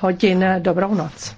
hodin. Dobrou noc.